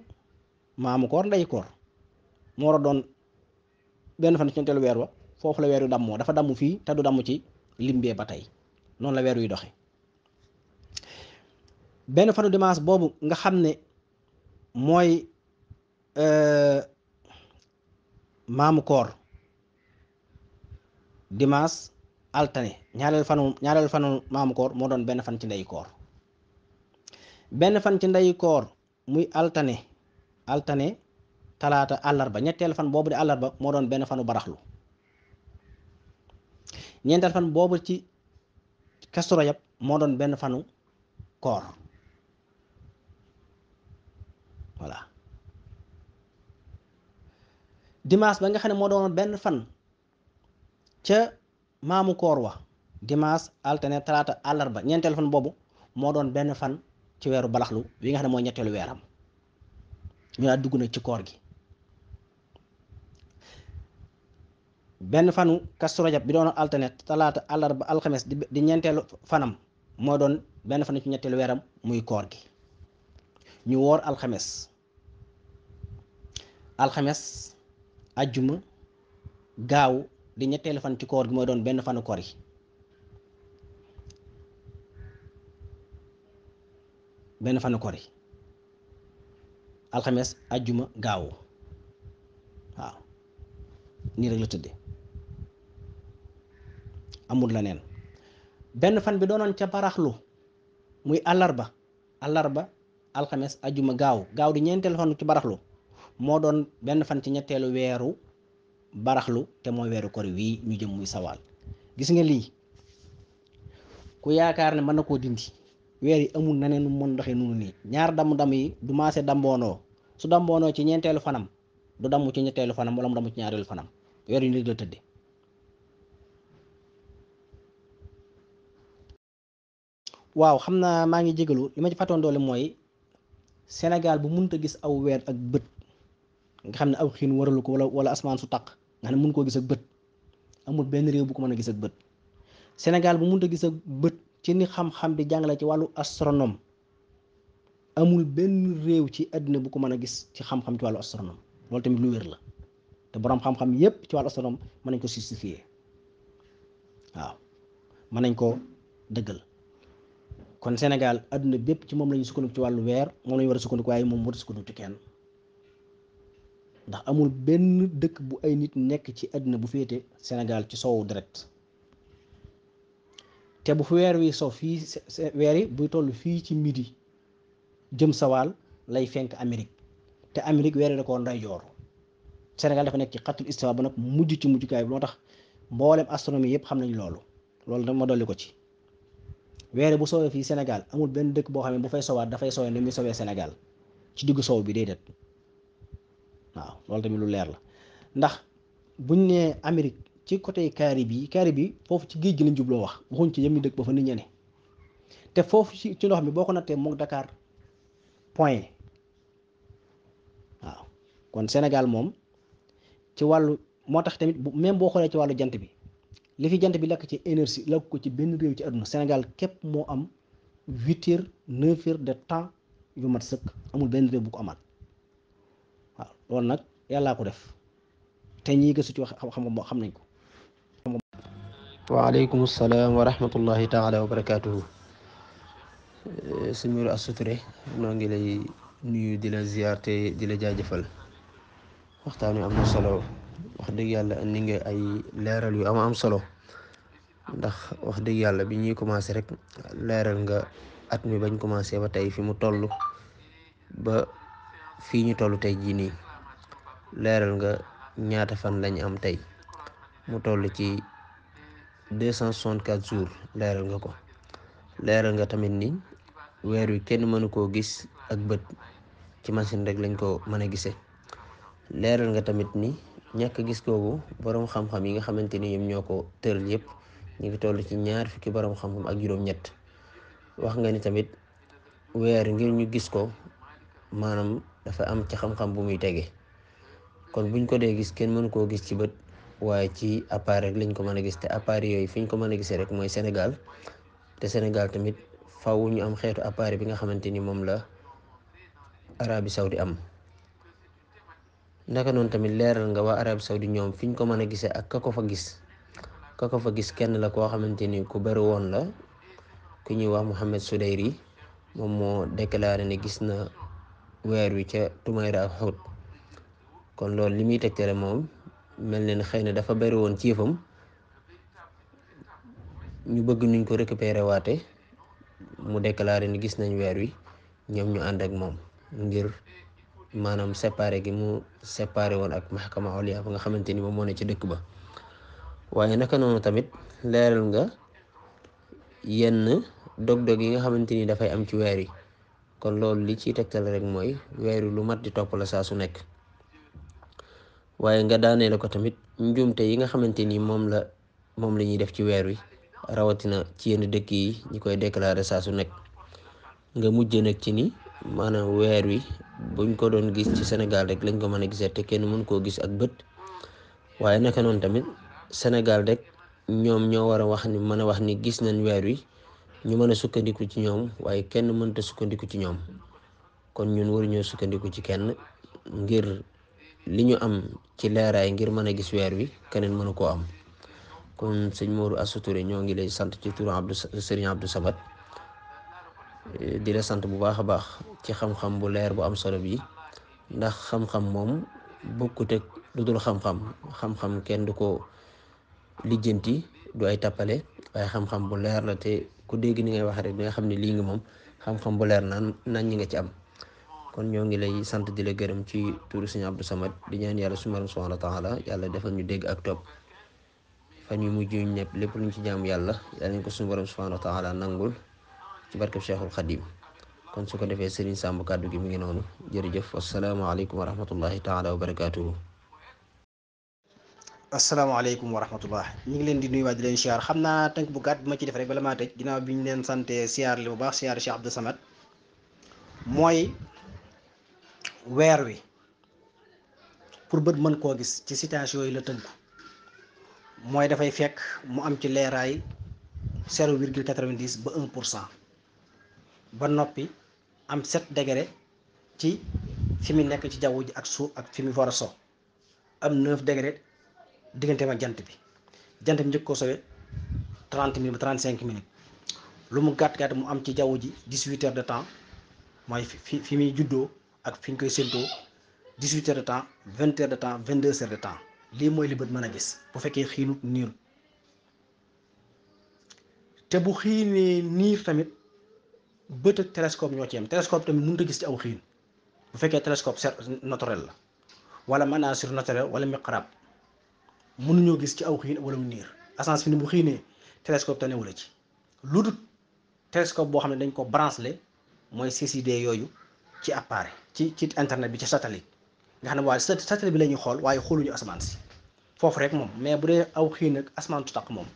maamu koor nday koor moo doon benn fan ci ñeenteelu weer wa foofu la weer yu dammoo dafa damm fii te du damm ci limbee ba tey noonu la weer yuy doxe benn fanu dimanche boobu nga xam ne mooy euh, maamu koor dimanche altane ñaareel fanu ñaareel fanu maamu koor moo doon benn fan ci ndeyu koor benn fan ci ndeyu koor muy altane altane talaata àllarba ñetteel fan boobu di àllarba moo doon benn fanu baraxlu ñeenteel fan boobu ci kazu rajab moo doon benn fanu koor voilà dimaas ba nga xam ne moo doon benn fan ca maamu koor wa dimaas altine talaata àllarba ñeenteelu fan boobu moo doon benn fan ci weeru balaxlu wi nga xam ne mooy ñetteelu weeram ñu daal dugg na ci koor gi benn fanu kasu bi doon altine talaata àllarba alxames di ñeenteelu fanam mooy doon benn fanu ci ñetteelu weeram muy koor gi ñu woor alxames alxames ajjuma gaaw di ñetteelu fan ci koor gi mooy doon benn fanu koor benn fanu koor yi alxames ajjuma gaaw waaw nii rek la tëdde amul la neen benn fan bi doon doonoon ca baraxlu muy àllarba àllarba alxames ajjuma gaaw gaaw di ñeenteel fan ci baraxlu moo doon benn fan ci ñetteelu weeru baraxlu te mooy weeru kor wii ñu jëm muy sawaal gis nga lii ku yaakaar ne mën na koo dindi weer yi amul na ne nu mën doxee nunu nii ñaar damm-damm yi du maase damboonoo su damboonoo ci ñeenteelu fanam du damm ci ñetteelu fanam wala mu damm ci ñaareelu fanam weer yu nit la tëdde waaw xam naa maa ngi jégalu li ma ci doole mooy Sénégal bu munta gis aw weer ak bët nga xam ne aw xiin waralu ko wala wala asmaan su taq nga xam ne mun koo gis ak bët amul benn réew bu ko mën a gis ak bët Sénégal bu mun a gis ak bët ci ni xam-xam di jàngale ci wàllu astronome amul benn réew ci àddina bu ko mën a gis ci xam ci wàllu astronome loolu tamit lu wér la te boroom xam-xam yépp ci wàllu astronome mën nañ ko justifier waaw mën nañ ko dëggal kon Sénégal àdduna bépp ci moom la ñu sukkandiku ci wàllu weer moom la war a sukkandiku waaye moom war a sukkandiku ci kenn. ndax amul benn dëkk bu ay nit nekk ci àddina bu féete Sénégal ci soowu deret te bu fi weer wii so fii weer yi buy toll fii ci midi jëm sawaal lay fenk Amérique te Amérique weer yi da koo ndeyjoor Sénégal dafa nekk ci xatul istiwa ba nag mujj ci mujjukaay bi moo tax mboolem astronomie yëpp xam nañu loolu loolu dama dolli ko ci weer bu soowee fii Sénégal amul benn dëkk boo xam ne bu fay sowaat dafay soowee ni muy soowee Sénégal ci diggu soow bi déedéet waaw loolu tamit lu leer la ndax buñ ne amerique ci côté Caraïbes yi Caraïbes yi foofu ci géej gi lañ jubloo wax waxuñ ci yem ñu dëkk ba fa nit ña te foofu ci ci ndox mi boo ko nattee moog dakaar point waaw kon Sénégal moom ci wàllu moo tax tamit même boo xoolee ci wàllu jant bi li fi jant bi lakk ci énergie lakk ko ci benn réew ci àdduna Sénégal képp moo am huit heures neuf de temps yu mat sëkk amul benn réew bu ko amaat loolu nag yàlla ko def te ñii gëstu ci wax xam-xam xam nañ ko. waaleykum salaam wa rahmatullahi taala wa barakaatuhu. sëñ Mourou Assoure ngi lay nuyu di la ziyaarte di la jaajëfal waxtaan wi am solo wax dëgg yàlla indi nga ay leeral yu am am solo ndax wax dëgg yàlla bi ñuy commencé rek leeral nga at mi bañ commencé ba tey fi mu toll ba fii ñu toll tey jii nii leeral nga ñaata fan lañ am tey mu toll ci deux cent soixante quatre jours leeral nga ko leeral nga tamit ni weer wi kenn mënu koo gis ak bët ci machine rek lañ ko mën a gise leeral nga tamit ni ñàkk gis googu boroom xam-xam yi nga xamante ni ñoo ko tëral yépp ñu ngi toll ci ñaar fukki boroom xam-xam ak juróom-ñett wax nga ni tamit weer ngir ñu gis ko maanaam dafa am ci xam-xam bu muy tege kon buñ ko dee gis kenn mënu koo gis ci bët waaye ci appareil rek lañ ko mën a gis te appareil yooyu fi ñu ko mën a gisee rek mooy Sénégal te Sénégal tamit faw am xeetu appareil bi nga xamante ni moom la Arabie Saoudi am naka noonu tamit leeral nga waa Arabie Saoudi ñoom fi ko mën a gisee ak ka ko fa gis ka ko fa gis kenn la koo xamante ni ku bari woon la ki ñuy wax Mohamed Soudayri moom moo déclaré ne gis na weer wi ca Tumayra ak Xuut kon loolu li muy tegtale moom mel ne xëy na dafa bari woon ci yëfam ñu bëgg nuñ ko récupérer waate mu déclaré ni gis nañ weer wi ñoom ñu ànd ak moom ngir maanaam séparé gi mu séparé woon ak maxkama oliya ba nga xamante ni moom moo ne ci dëkk ba waaye naka noonu tamit leeral nga yenn dog-dog yi nga xamante ni dafay am ci weer yi kon loolu li ciy tegtal rek mooy weer wi lu matti topp la saa su nekk waaye nga daanee daaneele ko tamit njuumte yi nga xamante ni moom la moom la ñuy def ci weer wi rawatina ci yenn dëkk yi ñi koy déclarer saa su nekk nga mujje nag ci ni maanaam weer wi buñ ko doon gis ci Sénégal rek lañ ko mën a gisee te kenn mënu koo gis ak bët waaye naka tamit Sénégal rek ñoom ñoo war a wax ni mën a wax ni gis nañ weer wi ñu mën a sukkandiku ci ñoom waaye kenn mënta sukkandiku ci ñoom kon ñun waruñoo sukkandiku ci kenn ngir li ñu am ci leeraay ngir mën a gis weer wi keneen mënu koo am kon sëñ Modou Asta ñoo ngi lay sant ci turu Abdou Serigne Abdou Samad di la sant bu baax a baax ci xam-xam bu leer bu am solo bi ndax xam-xam moom bokkut ak lu dul xam-xam kenn du ko lijjanti du ay tappale waaye xam-xam bu leer la te ku dégg ni ngay wax rek di nga xam ne lii ngi moom xam-xam bu leer naan nañ ñi nga ci am kon ñoo ngi lay sant di la gërëm ci turu sëñ Abdou Samad di ñaan yàlla subhaanahu wa taala yàlla defal ñu dégg ak topp fan ñu mujj ñu ñëpp lépp luñ ci jaamu yàlla yàlla ñu ko suñu borom subhaanahu wa taala nangul ci barkeb Cheikhul Khadim kon su ko defee Serigne Samb kàddu gi mu ngi noonu jërëjëf asalaamaaleykum wa rahmatullahi taala wa barakaatuhu. asalaamaaleykum wa rahmatullah ñu ngi leen di nuyuwaat di leen siyaar xam naa tënk bu gàtt ma ci def rek bala maa tëj ginnaaw leen sante siyaar bu baax siyaar Cheikh Abdou Samad mooy weer wi pour bët mën koo gis ci situation yooyu la tënku mooy dafay fekk mu am ci leeraay zéro virgule quatre vingt ba un pour cent ba noppi am sept degré ci fi mu nekk ci jaww ji ak suuf ak fi mu war a so am neuf degré diggante ma jant bi jant bi njëkk koo sowe trente minutes ba trente cinq minutes lu mu gàtt gàtt mu am ci jaww ji dix-huit de temps mooy fi fi muy juddoo ak fi ñu koy séntoo dix-huit de temps vingt de temps vingt-deux heures de temps lii mooy li bët mën a gis bu fekkee xiinut niir te bu xiinee niir tamit bët ak ñoo ci yem télescope tamit mënut a gis ci aw xiin bu fekkee télescope naturel la wala maanaam surnaturel wala miqrab mënuñoo gis ci aw xiin wala mu niir assance fi ni bu xiinee télescope te newu la ci lu dul télescope boo xam ne dañ ko branché mooy CCD yooyu ci appareil ci ci internet bi ci satellite nga xam ne waaye satellite bi lañuy xool waaye xooluñu asamaan si foofu rek moom mais bu dee aw xii nag asamaan tu taq moom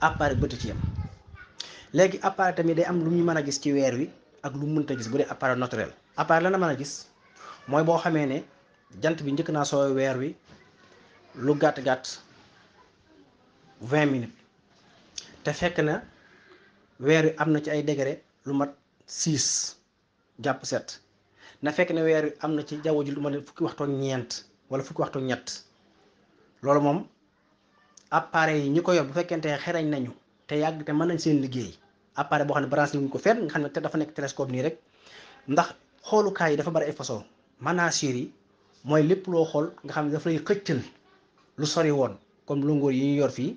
appareil bëtt ci yem léegi appareil tamit day am lu ñuy mën a gis ci weer wi ak lu mënta gis bu dee appareil naturel appareil lana mën a gis mooy boo xamee ne jant bi njëkk naa soo weer wi lu gàtt-gàtt vingt minutes te fekk na weer wi am na ci ay degré lu mat six jàpp set na fekk ne weer am na ci jaww ji lu ma ne fukki waxtu ñeent wala fukki waxtu ñett loolu moom appareil yi ñu ko yor bu fekkente xereñ nañu te yàgg te mën nañ seen liggéey appareil boo xam ne branché wuñ ko fenn nga xam ne te dafa nekk télescope nii rek ndax xoolukaay yi dafa bari ay façon manasir yi mooy lépp loo xool nga xam ne dafa lay xëccal lu sori woon comme lungoor yi ñu yor fii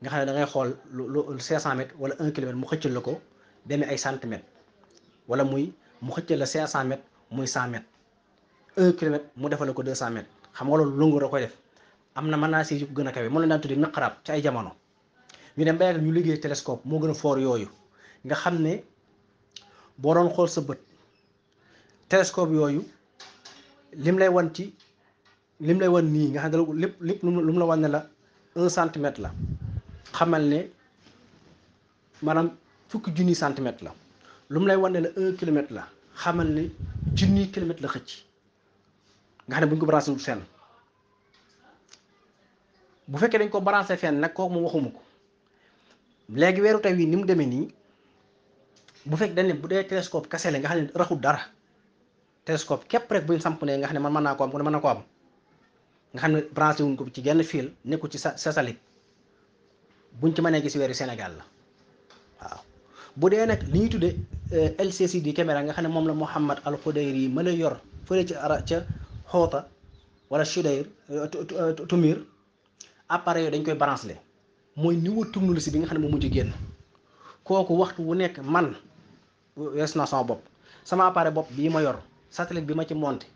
nga xam ne da ngay xool lu 500 mètres wala 1 kilomètre mu xëccal la ko demee ay centimètres wala muy mu xëccal la 500 mètres muy cent mètres un kilomètre mu defale ko deux cent mètres xam nga loolu longueur da koy def am na mën naa si gën a kawe mu leen daan tuddi naqaraab ci ay jamono ñu dem ba yàgg ñu liggéey télescope moo gën a foor yooyu nga xam ne boo doon xool sa bët télescope yooyu lim lay wan ci lim lay wan nii nga xam ne lépp lépp lu mu la wan ne la un centimètre la xamal ne maanaam fukki junni centimètre la lu mu lay wan ne la un kilomètre la xamal ne junni kilomètre la xëcc nga xam ne bu ñu ko branché fenn bu fekkee dañ ko branché fenn nag kooku mu waxumu ko léegi weeru taw yi ni mu demee nii bu fekk dañ ne bu dee télescope kase la nga xam ne raxul dara télescope képp rek bu ñu samp ne nga xam ne man mën naa ko am ne mën na ko am nga xam ne branché wuñ ko ci genn fiil nekku ci sa sa satellite buñ ci mënee gis weeru Sénégal la bu dee nag li ñuy tuddee euh, LCCD caméra nga xam ne moom la Mouhamad al Khudayri yi ma a yor fële ca ara ca xoota wala Chudayr euh, euh, Tumir appareil yooyu dañ koy branché mooy niveau technologie bi nga xam ne moom mujj génn kooku waxtu wu nekk man wees na sama bopp sama appareil bopp bii ma yor satellite bi ma ci monté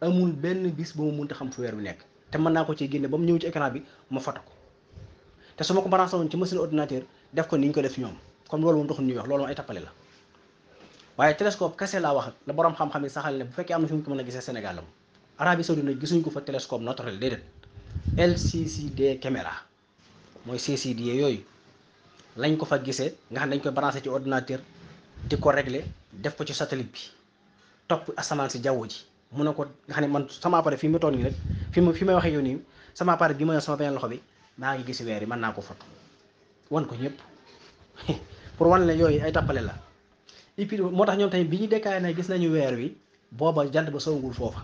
amul benn bis ba ma mënta xam fu weer bi nekk te mën naa ko ci génne ba mu ñëw ci écran bi ma foto ko te su ma ko branché woon ci machine ordinateur def ko ni ko def ñoom. kon loolu moom taxul ñuy wax loolu moom ay tappale la waaye télescope kese laa wax la borom xam-xam yi saxal ne bu fekkee am na fi mu ko mën a gisee Sénégal la moom Arabie Saoudite nag gisuñ ko fa télescope naturel déedéet LCCD caméra mooy CCD yooyu lañ ko fa gisee nga xam dañ koy branché ci ordinateur di ko régler def ko ci satellite bi topp asamaan si jaww ji mun na ko nga xam ne man sama appareil fi mu toll nii rek fi ma fi may waxee yow nii sama pare bi ma yor sama beneen loxo bi maa ngi gis weer yi mën naa ko foto wan ko ñëpp. pour wan la yooyu ay tappale la et puis moo tax ñoom tamit bi ñu déclaré na gis nañu weer wi booba jant ba sowagul foofa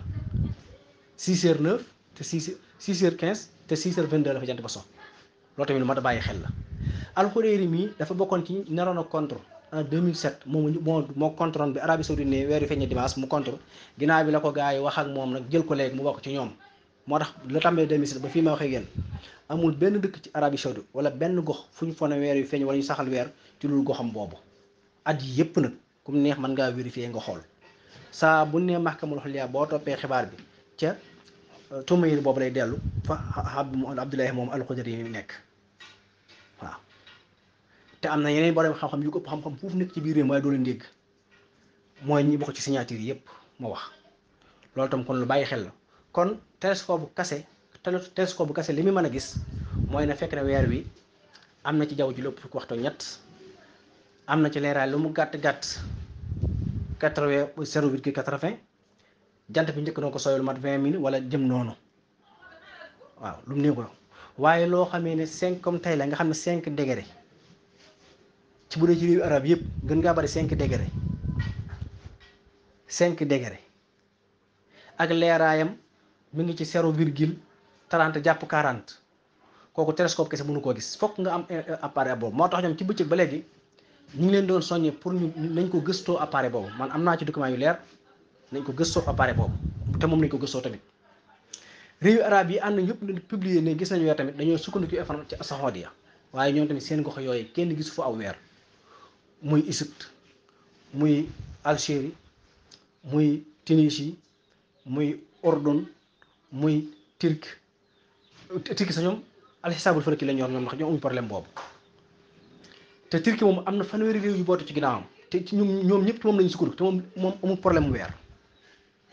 6 heures 9 te 6 6 heures 15 te 6 heures 22 la fa jant ba so loolu tamit lu mat a bàyyi xel la alxureeri mi dafa bokkoon ci naroon a contre en 2007 moom moo moo contrôle bi Arabie Saoudite ne weer wi feeñ na dimanche mu contre ginnaaw bi la ko gars yi wax ak moom nag jël ko léegi mu bokk ñoom moo tax la tàmbalee 2007 ba fii ma waxee ngeen amul benn dëkk ci Arabie Saoudite wala benn gox fu ñu fone weer yu feeñ wala ñu saxal weer ci lu goxam boobu at yi yëpp nag kum neex mën ngaa vérifier nga xool saa bu nee maxkamul xulya boo toppee xibaar bi ca euh, tumayir boobu lay dellu fa Abdoulaye moom alxudari yi nekk waaw te am na yeneen borom xam-xam yu ko ëpp xam-xam foofu nekk ci biir réew doo leen dégg mooy ñi bokk ci signature yi yëpp moo wax loolu tam kon lu bàyyi xel la kon télescope bu kase télescope bu kase li muy mën a gis mooy na fekk na weer wi am na ci jaww ji lépp fukki waxtu ñett am na ci leeraay lu mu gàtt gàtt quatre vingt sero virgule quatre vingt jant bi njëkk na ko sooyul mat vingt mille wala jëm noonu waaw lu mu néew ko waaye loo xamee ne cinq comme tey la nga xam ne cinq degré ci bu dee ci réew arab yëpp gën ngaa bari cinq degré cinq degré ak leeraayam mu ngi ci zéro virgule trente jàpp quarante kooku télescope kese mënu koo gis fokk nga am eh, eh, appareil boobu moo tax ñoom ci bëccëg ba léegi. ñu ngi leen doon soññe pour ñu nañ ko gëstoo appareil boobu man am naa ci document leer nañ ko gëstoo appareil boobu te moom nañ ko gëstoo tamit réewu arab yi ànd yëpp dañ publier ne gis nañu weer tamit dañoo sukkandiku ci Saxoodiya waaye ñoom tamit seen gox yooyu kenn gisu fa aw weer muy Égypte muy Algérie muy Tunisie muy Ordon muy Turc Turc sa ñoom alxisaabul fële ki la ñoom ndax ñoom amuñu problème boobu. te Turquie moom am na fanweeri réew yu bootu ci ginnaawam te ci ñoom ñoom ñëpp ci moom lañu sukkandiku te moom moom amul problème mu weer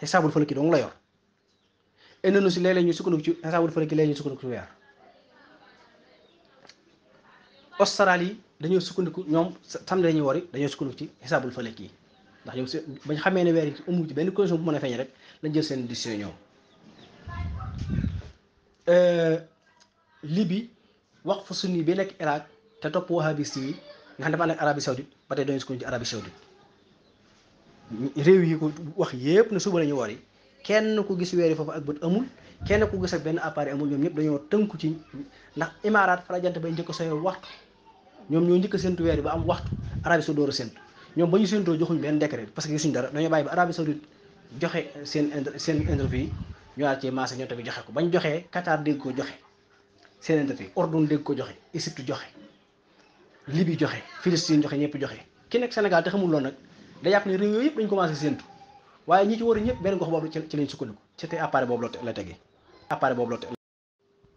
xisaabul falaki dong la yor Indonésie léeg-léeg ñu sukkandiku ci xisaabul falaki léeg-léeg sukkandiku ci weer Australie dañoo sukkandiku ñoom samedi dañuy wari dañoo sukkandiku ci xisaabul falaki ndax ñoom seen bañ xamee ne weer yi amul ci benn condition bu mën a feeñ rek lañ jël seen décision ñoom Libi wax fa sunni bi nekk Irak te topp wahabiste yi nga xam fa ànd ak Arabie Saoudite ba tey doon sukkandiku ci Arabie Saoudite réew yi ko wax yépp na suba la ñu woor yi kenn ku gis weeri foofu ak bët amul kenn ku gis ak benn appareil amul ñoom ñëpp dañoo tënku ci ndax Imaaraat fa la jant bay njëkk a sooyoo waxtu ñoom ñoo njëkk a séntu weer yi ba am waxtu Arabie Saoudite ñoom ba ñu séntoo joxuñ benn décret parce que gisuñ dara dañoo bàyyi ba Arabie joxe seen seen interview yi ñu waat ci ñoom tamit joxe ko bañ joxee Qatar dégg ko joxe seen interview ordon dégg ko joxe Égypte joxe Libi joxe Palestine joxe ñëpp joxe ki nekk Sénégal te xamul nag da yàpp ne réew yooyu yëpp dañ commencé séentu waaye ñi ci war a ñëpp benn gox boobu ci ci tey appareil boobu la tege appareil boobu la tege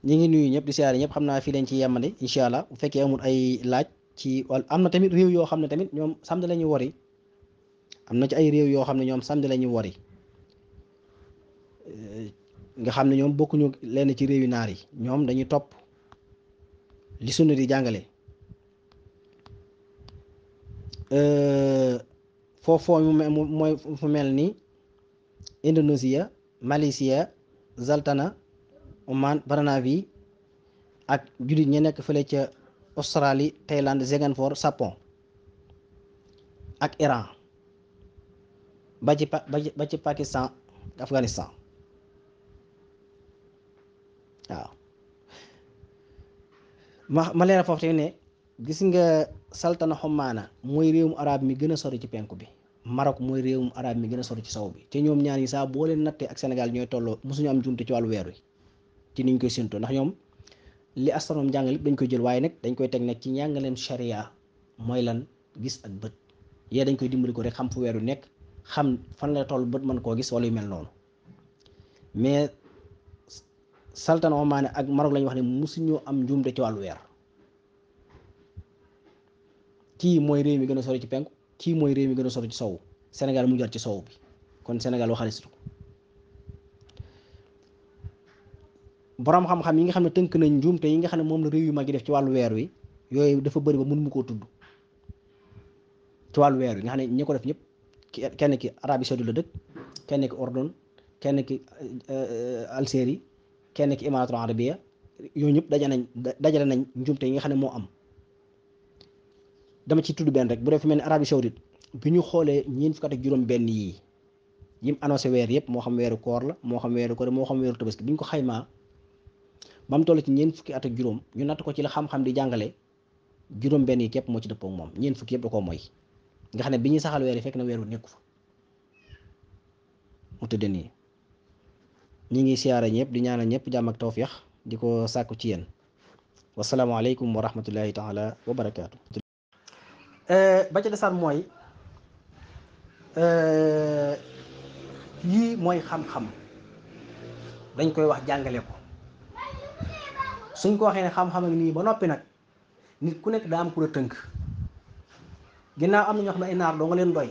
ñi ngi nuyu ñëpp di siyaare ñëpp xam naa fii lañ ci yemande incha allah bu fekkee amul ay laaj ci wala am na tamit réew yoo xam ne tamit ñoom samedi la ñu wari am na ci ay réew yoo xam ne ñoom samedi la ñu wari nga xam ne ñoom bokkuñu lenn ci réew yu naar yi ñoom dañuy topp li sunna di jàngale Euh, foofoo mu mooy fu mel ni Indonésie Malaysia Zaltana Oman Baranawi ak jullit ñi nekk fële ca Australie Thaïlande Ziguinchor Japon ak Iran ba ci Pakistan Afghanistan waaw ma ma leeral foofu tamit ne gis nga saltana Oman mooy réewum arab mi gën a sori ci penku bi Maroc mooy réewum arab mi gën a sori ci sow bi te ñoom ñaar yi saa boo leen nattee ak Sénégal ñooy tolloo mosuñu am jumte ci wàllu weer wi ci niñ koy séntoo ndax ñoom li astronome jàngal dañ koy jël waaye nag dañ koy teg nag ci njàngaleen sharia mooy lan gis ak bët yee dañ koy dimbali ko rek xam fu weer nekk xam fan la toll bët mën koo gis wala mel noonu mais saltana Oman ak Maroc lañ wax ne mosuñoo am jumte ci wàllu weer kii mooy réew mi gën a sori ci penku kii mooy réew mi gën a sori ci sowu Sénégal mu jot ci sowu bi kon Sénégal waxalisatu ko boroom xam-xam yi nga xam ne tënk nañ njuumte yi nga xam ne moom la réew yu mag def ci wàllu wi yooyu dafa bëri mun mu koo tudd ci wàllu weer wi nga xam ñi ko def ñëpp kenn ki Arabie Saoudite la dëkk kenn ki Ordon kenn ki euh, Algérie kenn ki Émirats Arabes yooyu ñëpp dajale nañ dajale nañ njuumte yi nga xam ne moo am dama ci tudd benn rek bu dee fi mel ni Arabie Saoudite bi ñu xoolee ñeent fukk ak juróom benn yii yim annoncé weer yëpp moo xam weeru koor la moo xam weeru koor moo xam weeru tabaski bi ñu ko xaymaa ba mu toll ci ñeent fukki at juróom ñu natt ko ci la xam-xam di jàngale juróom benn yi képp moo ci dëppoo moom ñeen fukki yëpp da koo mooy nga xam ne bi ñuy saxal weer yi fekk na weeru nekku fa mu tëdd nii ñi ngi siyaara ñëpp di ñaanal ñëpp jàmm ak tawfeex di ko sàkku ci yéen wasalaamaaleykum wa rahmatullahi taala wa barakaatu Euh, ba ca desaan mooy lii euh, mooy xam-xam dañ koy wax jàngale ko suñ ko waxee ne xam-xam ak nii ba noppi nag nit ku nekk daa am ku la tënk ginnaaw am na ñoo xam ne ay naar doo nga leen doy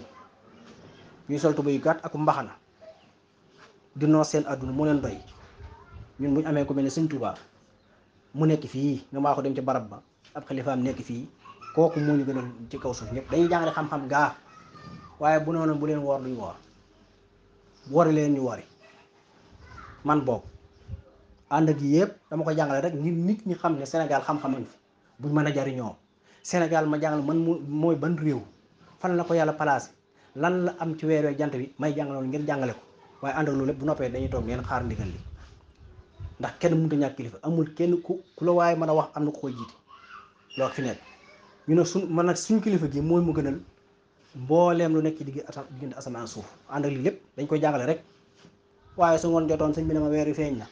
ñuy sol tuba yu gàtt ak mbaxana di noos seen àdduna moo leen doy ñun bu ñu amee ku mel ne sëñ Tuubaa mu nekk fii nga maa ko dem ca barab ba ab xalifaam nekk fii kooku moo ñu gënal ci kaw suuf ñëpp dañuy jàngale xam-xam gaa waaye bu noonu bu leen woor duñ woor wori leen ñu wori man boobu ànd ak yëpp dama ko jàngale rek ngir nit ñi xam ne senegal xam-xam fi buñ mën a jariñoo senegal ma jàngale man mooy ban réew fan la ko yàlla placé lan la am ci weer jant bi may jàngale woon ngeen jàngale ko waaye ànd loolu bu noppee dañuy toog ngeen xaar ndigal li ndax kenn mënut a ñàkk kilifa amul kenn ku ku la waaye mën a wax am na ko ñu ne suñ man nag suñ kilifa gi mooy mu gënal mbooleem lu nekk ci digg diggante asamaan suuf ànd ak lii lépp dañ koy jàngale rek waaye su ngoon jotoon sëñ bi ne ma weer feeñ na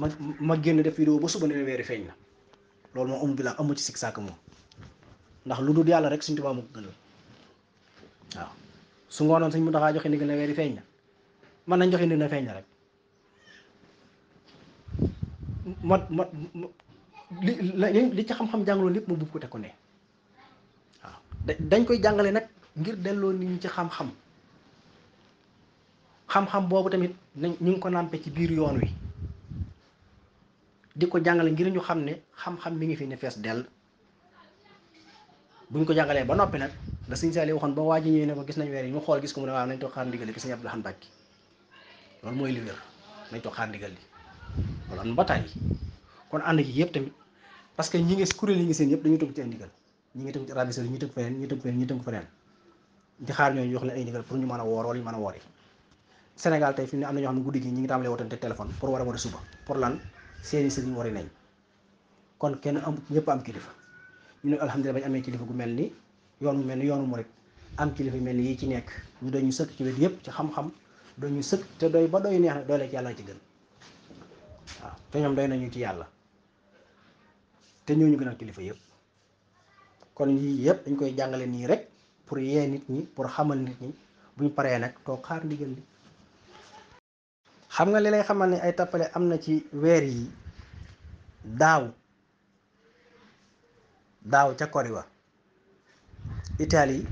ma ma génn def vidéo ba suba feeñ na loolu moom amu ci sik sàkk moom ndax lu dul yàlla rek suñ tubaab moo gënal waaw su ngoonoon sëñ mu taxaa joxe ndigal ne weer feeñ na man nañ joxe ndigal ne feeñ na rek li li ci xam-xam jàngaloon lépp mu bugg ko te ko ne waaw dañ koy jàngale nag ngir delloo nit ñi ci xam-xam xam-xam boobu tamit nañ ñu ngi ko nàmpe ci biir yoon wi di ko jàngale ngir ñu xam ne xam-xam mi ngi fi ne fees dell buñ ko jàngalee ba noppi nag da sëñ Saali waxoon ba waa ji ñëwee ne ko gis nañ weer yi mu xool gis ko mu ne waaw nañ toog xaar ndigal li gis nañ Abdou Lahad Mbàkke loolu mooy li wér nañ toog xaar ndigal li loolu am kon ànd gi yëpp tamit parce que ñi ngi kuréel yi ngi seen yëpp dañuy tënk ci ay ndigal ñi ngi tënk ci Arabie Saoudite ñi tënk feneen ñi tënk feneen ñi tënk feneen di xaar ay ndigal pour ñu mën a woor wala ñu mën a woori Sénégal tey fi ne am na ñoo xam ne guddi gi ñu ngi tàmbalee wootante téléphone pour war a woori suba pour lan seeni sëriñ wari nañ kon kenn am ñëpp am kilifa ñu ne alhamdulilah bañ amee kilifa gu mel ni yoonu mel ni yoonu mu rek am kilifa mel ni yi ci nekk ñu doon ñu sëkk ci wet yëpp ci xam-xam doon ñu sëkk te doy ba doy neex na doy la ci gën waaw te ñoom doy nañu ci yàlla te ñooñu gënal kilifa yëpp kon yii yëpp dañ koy jàngale nii rek pour yee nit ñi pour xamal nit ñi buñ paree nag toog xaar ndigal li xam nga li xamal ne ay tappale am na ci weer yi daaw daaw ca kori wa Italie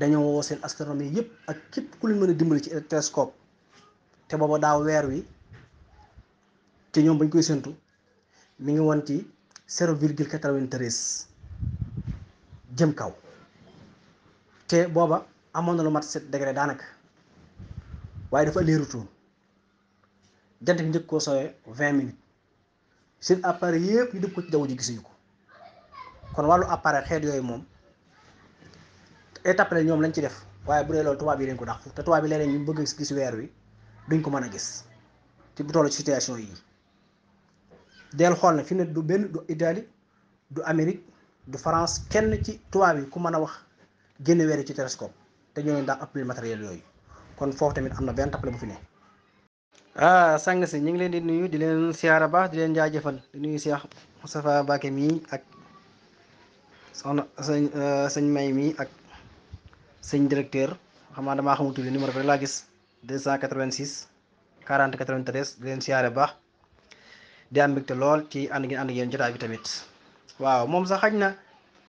dañoo woo seen astronomie yëpp ak képp ku leen mën dimbali ci télescope te booba daaw weer wi te ñoom bañ koy séntu mi ngi woon ci zéro virgule quatre-vingt-treize jëm kaw te booba amoon na lu mat sept degré daanaka waaye dafa leerutoon jant bi njëkk koo sowee vingt minutes seen appareil yëpp yu dëpp ko ci jaww gisuñu ko kon wallu apparee xeet yooyu moom étape la ñoom lañ ci def waaye bu dee loolu tubaab yi dañ ko dàq te tubaab yi leneen ñu bëgg gis weer wi duñ ko mën a gis ci bu toll ci yi del xool na fi ne du benn du Italie du Amérique du France kenn ci tubaab yi ku mën a wax génn weer ci télescope te ñoo ndax daa appelé matériel yooyu kon foofu tamit am na benn tappale bu fi ne. ah sang si ñu ngi leen di nuyu di leen siyaara baax di leen jaajëfal di nuyu Cheikh Moustapha Mbacké mii ak soxna sëñ euh, sëñ May mii ak sëñ directeur xam naa damaa xamul tuuti numéro bi rek laa gis 286 40 93 di leen siyaare baax. di am mbégte lool ci ànd ngeen ànd ngeen jotaay bi tamit waaw moom sax xaj na